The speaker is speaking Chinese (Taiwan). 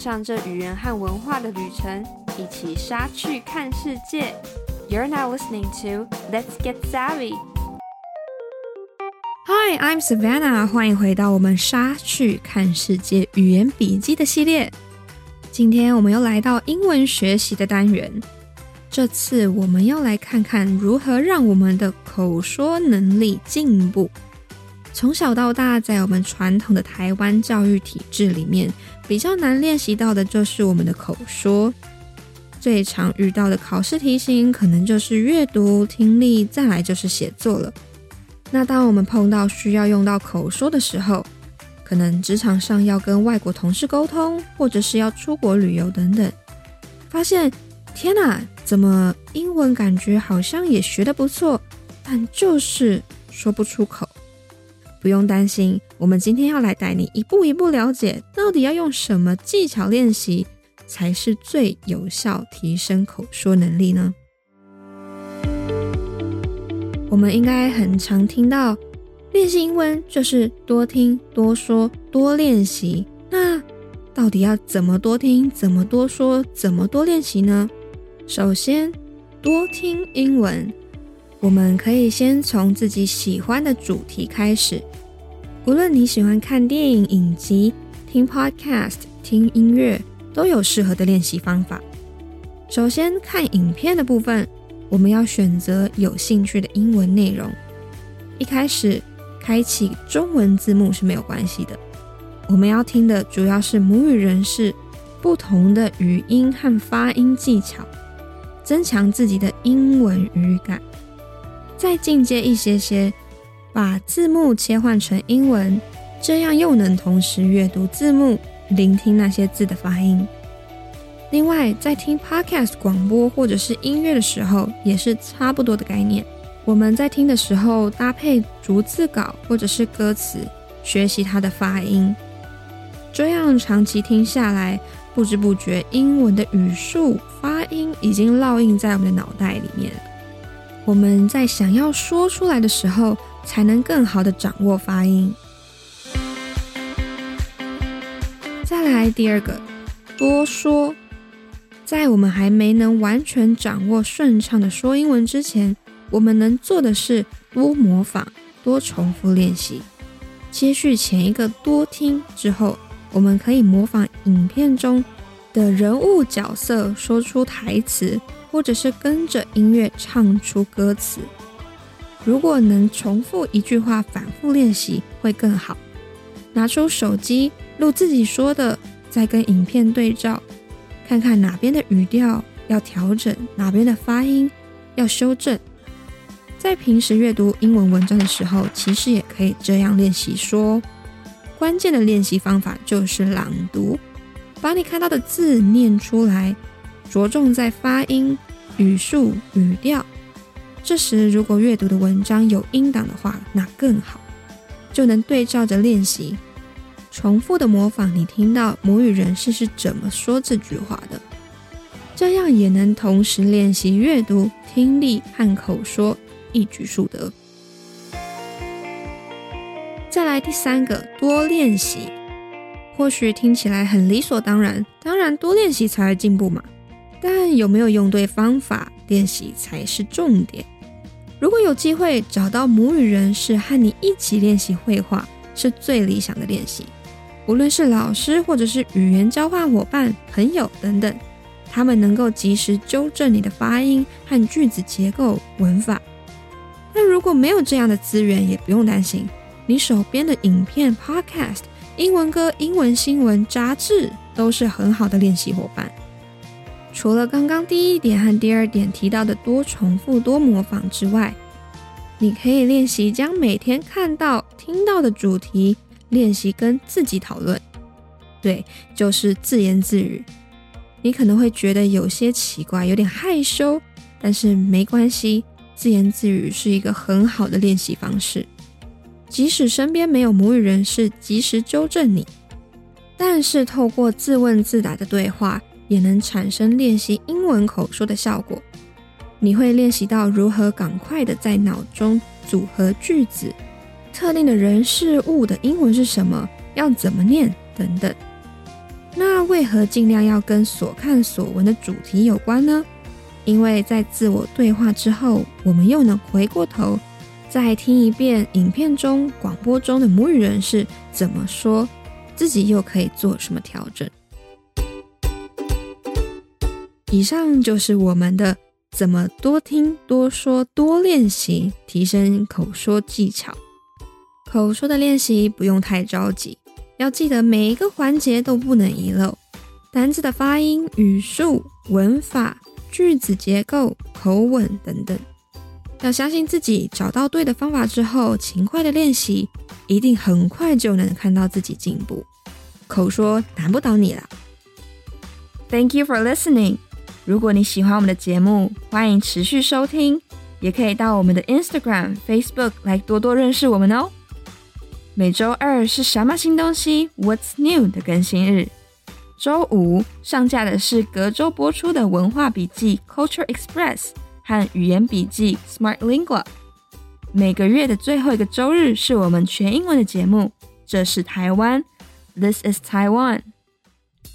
上這語言和文化的旅程，一起莎去看世界。You're now listening to Let's Get Savvy. Hi, I'm Savannah. 歡迎回到我們莎去看世界語言筆記的系列。今天我們又來到英文學習的單元。這次我們要來看看如何讓我們的口說能力進步。從小到大，在我們傳統的台灣教育體制裡面，比較難練習到的就是我們的口說。最常遇到的考試題型，可能就是閱讀、聽力，再來就是寫作了。那當我們碰到需要用到口說的時候，可能職場上要跟外國同事溝通，或者是要出國旅遊等等，發現天哪，怎麼英文感覺好像也學得不錯，但就是說不出口。不用擔心，我們今天要來帶你一步一步了解，到底要用什麼技巧練習才是最有效提升口說能力呢？我們應該很常聽到，練習英文就是多聽、多說、多練習。那到底要怎麼多聽、怎麼多說、怎麼多練習呢？首先，多聽英文，我們可以先從自己喜歡的主題開始。無論你喜歡看電影、影集、聽 Podcast、聽音樂，都有適合的練習方法。首先，看影片的部分，我們要選擇有興趣的英文內容。一開始開啟中文字幕是沒有關係的。我們要聽的主要是母語人士不同的語音和發音技巧，增強自己的英文語感。再進階一些些。把字幕切換成英文，這樣又能同時閱讀字幕，聆聽那些字的發音。另外，在聽 podcast 廣播或者是音樂的時候，也是差不多的概念。我們在聽的時候搭配逐字稿或者是歌詞，學習它的發音。這樣長期聽下來，不知不覺，英文的語速、發音已經烙印在我們的腦袋裡面。我們在想要說出來的時候，才能更好的掌握發音。再來第二個，多說。在我們還沒能完全掌握順暢的說英文之前，我們能做的是多模仿、多重複練習。接續前一個多聽之後，我們可以模仿影片中的人物角色說出台詞，或者是跟着音樂唱出歌詞。如果能重複一句話，反覆練習會更好。拿出手機錄自己說的，再跟影片對照，看看哪邊的語調要調整，哪邊的發音要修正。在平時閱讀英文文章的時候，其實也可以這樣練習說。關鍵的練習方法就是朗讀，把你看到的字念出來，着重在發音、語速、語調。這時，如果閱讀的文章有音檔的話，那更好，就能對照着練習，重複的模仿你聽到母語人士是怎麼說這句話的，這樣也能同時練習閱讀、聽力和口說，一舉數得。再來第三個，多練習，或許聽起來很理所當然，當然多練習才會進步嘛，但有沒有用對方法？練習才是重點。如果有機會找到母語人士和你一起練習會話，是最理想的練習。無論是老師，或者是語言交換夥伴、朋友等等，他們能夠及時糾正你的發音和句子結構、文法。但如果沒有這樣的資源，也不用擔心，你手邊的影片、Podcast、英文歌、英文新聞、雜誌都是很好的練習夥伴。除了剛剛第一點和第二點提到的多重複、多模仿之外，你可以練習將每天看到、聽到的主題練習跟自己討論。對，就是自言自語。你可能會覺得有些奇怪，有點害羞，但是沒關係，自言自語是一個很好的練習方式。即使身邊沒有母語人士及時糾正你，但是透過自問自答的對話。也能產生練習英文口說的效果。你會練習到如何趕快的在腦中組合句子，特定的人事物的英文是什麼，要怎麼念等等。那為何盡量要跟所看所聞的主題有關呢？因為在自我對話之後，我們又能回過頭再聽一遍影片中、廣播中的母語人士怎麼說，自己又可以做什麼調整。以上就是我們的怎麼多聽、多說、多練習，提升口說技巧。口說的練習不用太着急，要記得每一個環節都不能遺漏，單字的發音、語速、文法、句子結構、口吻等等。要相信自己，找到對的方法之後，勤快的練習，一定很快就能看到自己進步。口說難不倒你了。Thank you for listening. 如果你喜歡我們的節目，歡迎持續收聽，也可以到我們的 Instagram、Facebook 來多多認識我們哦。每周二是什麼新東西？What's New 的更新日，周五上架的是隔周播出的文化筆記 Culture Express 和語言筆記 Smart Lingua。每個月的最後一個周日是我們全英文的節目，這是台灣，This is Taiwan。